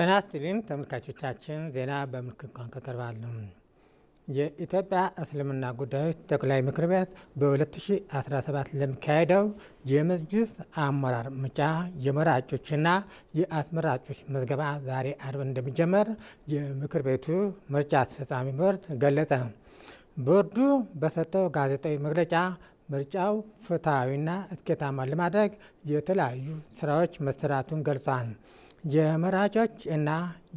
ጤና ይስጥልን ተመልካቾቻችን፣ ዜና በምልክት ቋንቋ ቀርባሉ። የኢትዮጵያ እስልምና ጉዳዮች ጠቅላይ ምክር ቤት በ2017 ለሚካሄደው የመጅልስ አመራር ምርጫ የመራጮችና የአስመራጮች መዝገባ ዛሬ አርብ እንደሚጀመር የምክር ቤቱ ምርጫ አስፈጻሚ ቦርድ ገለጸ። ቦርዱ በሰጠው ጋዜጣዊ መግለጫ ምርጫው ፍትሐዊና እስኬታማ ለማድረግ የተለያዩ ስራዎች መሰራቱን ገልጿል። የመራጮች እና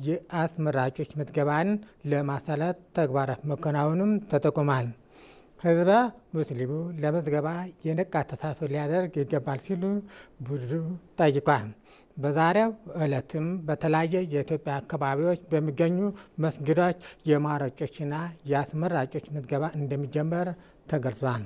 የአስመራጮች ምዝገባን ለማሳለጥ ተግባራት መከናወኑም ተጠቁሟል። ህዝበ ሙስሊሙ ለምዝገባ የነቃ ተሳትፎ ሊያደርግ ይገባል ሲሉ ቡድኑ ጠይቋል። በዛሬው ዕለትም በተለያየ የኢትዮጵያ አካባቢዎች በሚገኙ መስጊዶች የማረጮችና የአስመራጮች ምዝገባ እንደሚጀመር ተገልጿል።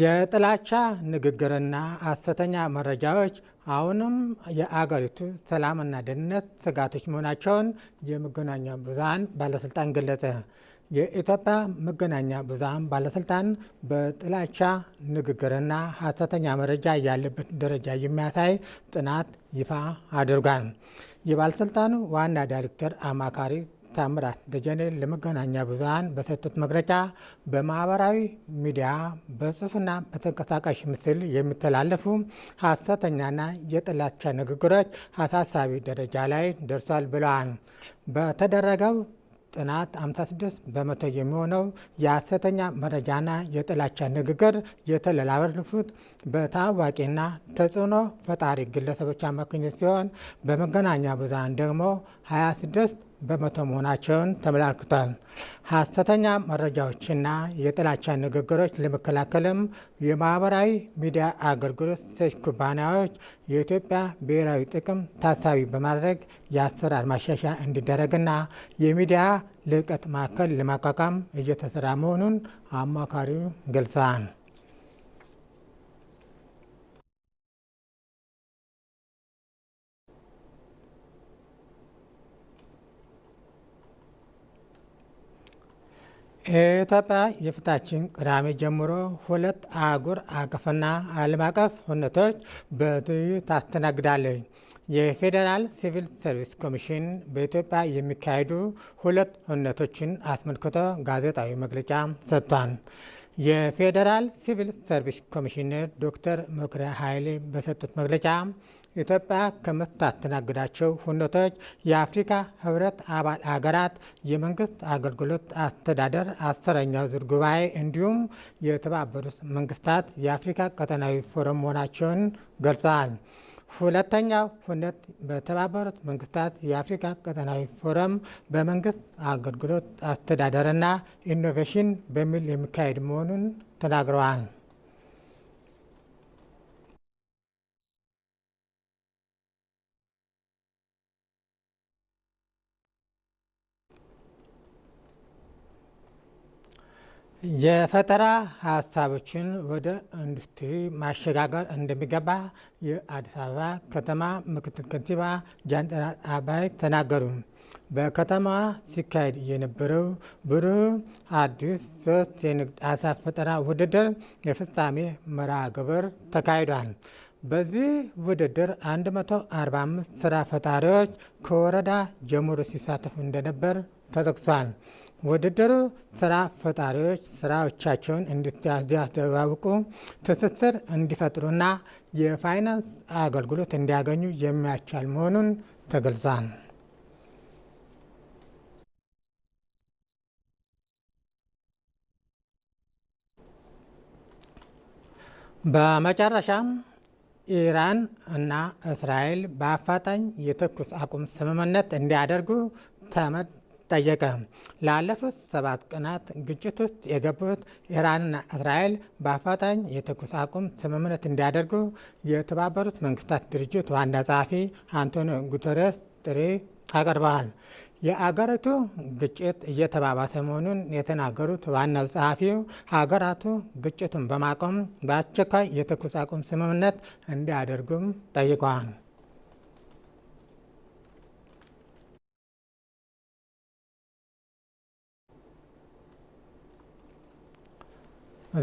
የጥላቻ ንግግርና ሐሰተኛ መረጃዎች አሁንም የአገሪቱ ሰላምና ደህንነት ስጋቶች መሆናቸውን የመገናኛ ብዙሃን ባለስልጣን ገለጸ። የኢትዮጵያ መገናኛ ብዙሃን ባለስልጣን በጥላቻ ንግግርና ሐሰተኛ መረጃ ያለበት ደረጃ የሚያሳይ ጥናት ይፋ አድርጓል። የባለስልጣኑ ዋና ዳይሬክተር አማካሪ ታምራት ደጀኔ ለመገናኛ ብዙሃን በሰጡት መግለጫ በማህበራዊ ሚዲያ በጽሁፍና በተንቀሳቃሽ ምስል የሚተላለፉ ሀሰተኛና የጥላቻ ንግግሮች አሳሳቢ ደረጃ ላይ ደርሷል ብለዋል። በተደረገው ጥናት 56 በመቶ የሚሆነው የሀሰተኛ መረጃና የጥላቻ ንግግር የተላለፉት በታዋቂና ተጽዕኖ ፈጣሪ ግለሰቦች አማካኝነት ሲሆን በመገናኛ ብዙሃን ደግሞ 26 በመቶ መሆናቸውን ተመላክቷል። ሀሰተኛ መረጃዎችና የጥላቻ ንግግሮች ለመከላከልም የማህበራዊ ሚዲያ አገልግሎት ሰጪ ኩባንያዎች የኢትዮጵያ ብሔራዊ ጥቅም ታሳቢ በማድረግ የአሰራር ማሻሻያ እንዲደረግና የሚዲያ ልዕቀት ማዕከል ለማቋቋም እየተሰራ መሆኑን አማካሪው ገልጸዋል። ኢትዮጵያ የፊታችን ቅዳሜ ጀምሮ ሁለት አህጉር አቀፍና ዓለም አቀፍ ሁነቶች በትይ ታስተናግዳለች። የፌዴራል ሲቪል ሰርቪስ ኮሚሽን በኢትዮጵያ የሚካሄዱ ሁለት ሁነቶችን አስመልክቶ ጋዜጣዊ መግለጫ ሰጥቷል። የፌዴራል ሲቪል ሰርቪስ ኮሚሽነር ዶክተር መኩሪያ ኃይሌ በሰጡት መግለጫ ኢትዮጵያ ከምታስተናግዳቸው ሁነቶች የአፍሪካ ሕብረት አባል አገራት የመንግስት አገልግሎት አስተዳደር አስረኛው ዙር ጉባኤ እንዲሁም የተባበሩት መንግስታት የአፍሪካ ቀጠናዊ ፎረም መሆናቸውን ገልጸዋል። ሁለተኛው ሁነት በተባበሩት መንግስታት የአፍሪካ ቀጠናዊ ፎረም በመንግስት አገልግሎት አስተዳደርና ኢኖቬሽን በሚል የሚካሄድ መሆኑን ተናግረዋል። የፈጠራ ሀሳቦችን ወደ ኢንዱስትሪ ማሸጋገር እንደሚገባ የአዲስ አበባ ከተማ ምክትል ከንቲባ ጃንጥራር አባይ ተናገሩ። በከተማ ሲካሄድ የነበረው ብሩህ አዲስ ሶስት የንግድ ሀሳብ ፈጠራ ውድድር የፍጻሜ መርሃ ግብር ተካሂዷል። በዚህ ውድድር 145 ስራ ፈጣሪዎች ከወረዳ ጀምሮ ሲሳተፉ እንደነበር ተጠቅሷል። ውድድሩ ስራ ፈጣሪዎች ስራዎቻቸውን እንዲያስተዋውቁ፣ ትስስር እንዲፈጥሩና የፋይናንስ አገልግሎት እንዲያገኙ የሚያስችል መሆኑን ተገልጿል። በመጨረሻም ኢራን እና እስራኤል በአፋጣኝ የተኩስ አቁም ስምምነት እንዲያደርጉ ተመድ ጠየቀ። ላለፉት ሰባት ቀናት ግጭት ውስጥ የገቡት ኢራንና እስራኤል በአፋጣኝ የተኩስ አቁም ስምምነት እንዲያደርጉ የተባበሩት መንግስታት ድርጅት ዋና ጸሐፊ አንቶኒዮ ጉተረስ ጥሪ አቅርበዋል። የአገሪቱ ግጭት እየተባባሰ መሆኑን የተናገሩት ዋናው ጸሐፊው ሀገራቱ ግጭቱን በማቆም በአስቸኳይ የተኩስ አቁም ስምምነት እንዲያደርጉም ጠይቀዋል።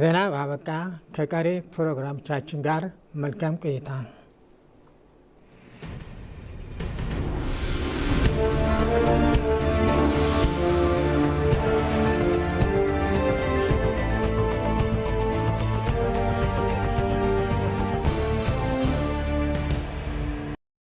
ዜና ባበቃ። ከቀሪ ፕሮግራሞቻችን ጋር መልካም ቆይታ